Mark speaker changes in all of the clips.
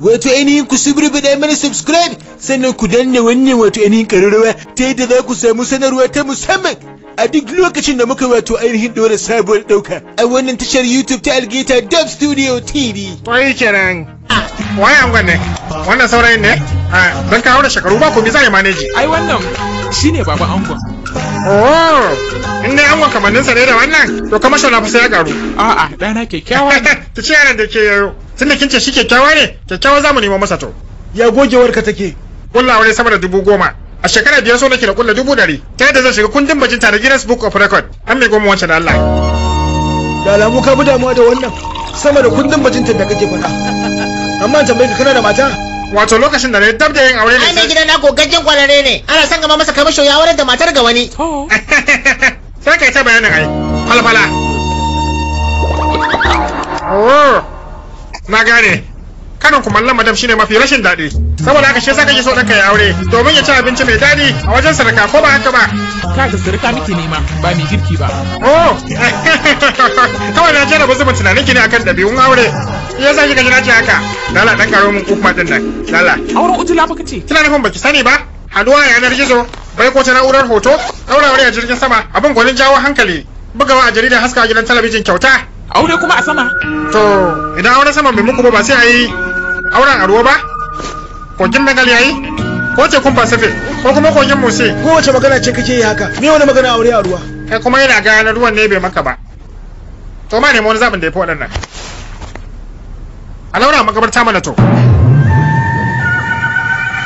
Speaker 1: wato ainihin ku bi dai mana subscribe sannan ku danne wannan wato ainihin ƙararrawa ta yadda za ku samu sanarwa ta musamman a duk lokacin da muka wato ainihin ɗora sabuwar ɗauka a wannan tashar YouTube ta Algeta Dub Studio TV. Wai kenan. Ah, wai an gwanne. Wannan saurayin ne? Ah, don kawo da shekaru ba ku bi za ya maneji. Ai wannan shine baba angon. Oh, in dai angon kamanninsa ne da wannan to kamar shauna fa sai ya garu. A'a, ɗana kyakkyawa ne. Ta ce yaran da ke yaro. tunda kin ce shi kyakkyawa ne kyakkyawa za mu nemo masa to ya goge warka take kullawa ne sama da dubu goma a shekara biyar so nake da kulla dubu dari ta yadda zan shiga kundin bajinta da Guinness Book of Record an mai goma wancan Allah da alamu ka bi damuwa da wannan sama da kundin ta da kake faɗa amma tambayi ka kana da mata wato lokacin da na dab da yin aure ne ai mai gidan na gogaggen kwararre ne ana son gama masa kamar shoyawar da matar ga wani sai kai ta bayanin ai falfala na gane karin kumallon madam shine mafi rashin daɗi saboda haka shi yasa kake so ɗanka ya aure domin ya ci abinci mai daɗi a wajen sarka, ko ba haka ba kaga miki nake nema ba mai girki ba oh kawai na jana ba zuba tunanin ki ne akan ɗabi'un aure ya sa kika jira ce haka lala ɗan karo min kuma din nan lala auren ujula ba kace kina nufin baki sani ba haduwa yanar gizo bai ko ta na'urar hoto aure aure a jirgin sama abin gwanin jawo hankali bugawa a jaridar haska gidan talabijin kyauta aure kuma a sama to idan aure sama bai muku ba ba sai a yi auren a ruwa ba kogin dangal yayi ko ce kun pacific ko kuma kogin mose ko wace magana ce kake yi haka me wani magana aure a ruwa kai kuma yana ga na ruwan ne bai maka ba to ma ne wani zaɓin da ya fi waɗannan a laura makabarta mana to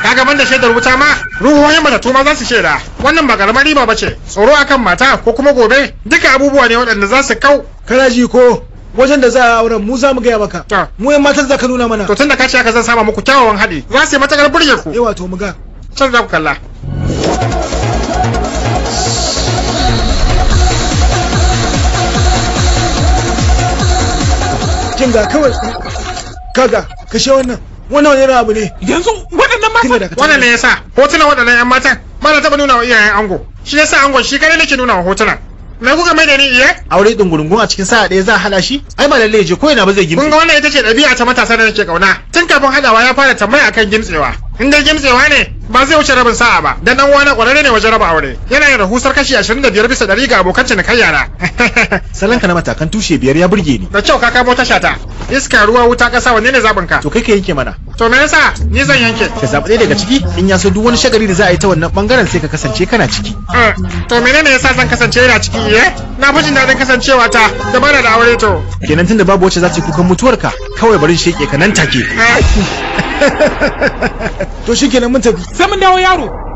Speaker 1: kaga banda shaidar wuta ma ruhohin matattu ma za su shaida wannan ba karamar riba bace tsoro akan mata ko kuma gobe duka abubuwa ne waɗanda za su kau kana ji ko wajen da za a auren mu za mu gaya maka mu yan matan za ka nuna mana to tunda ka ce aka zan saba muku kyawawan haɗi za su yi matakar burge ku yawa to mu ga can za ku kalla jin ga kawai kaga kashe wannan wannan wani abu ne yanzu waɗannan mata wannan ne yasa hotunan waɗannan yan matan ba na taɓa nuna wa iyayen ango shi yasa ango shi kare nake nuna wa hotunan na kuka mai da ni iya aure dungurungun a cikin sa'a ɗaya za a hada shi ai ba lalle je ko ina ba zai gimtse kunga wannan ita ce ɗabi'a ta matasa da nake kauna tun kafin hadawa ya fara tambaya akan gimtsewa in dai gimtsewa ne ba zai wuce rabin sa'a ba dan dan wani kwararre ne wajen raba aure yana yin rahusar kashi 25 bisa 100 ga abokan cinikai yara salanka na matakan tushe biyar ya burge ni da kyau ka kamo tasha ta iska ruwa wuta kasa wanne ne zaɓin ka to kai ka yanke mana to me yasa ni zan yanke ka zaɓi ɗaya daga ciki in ya so duk wani shagali da za a yi ta wannan bangaren sai ka kasance kana ciki eh, to menene yasa zan kasance ina ciki eh na fi jin daɗin kasancewa ta da bana da aure to kenan tunda babu wacce za ta yi kukan mutuwarka kawai bari sheke ka nan take eh. to shikenan mun tafi sai mun dawo yaro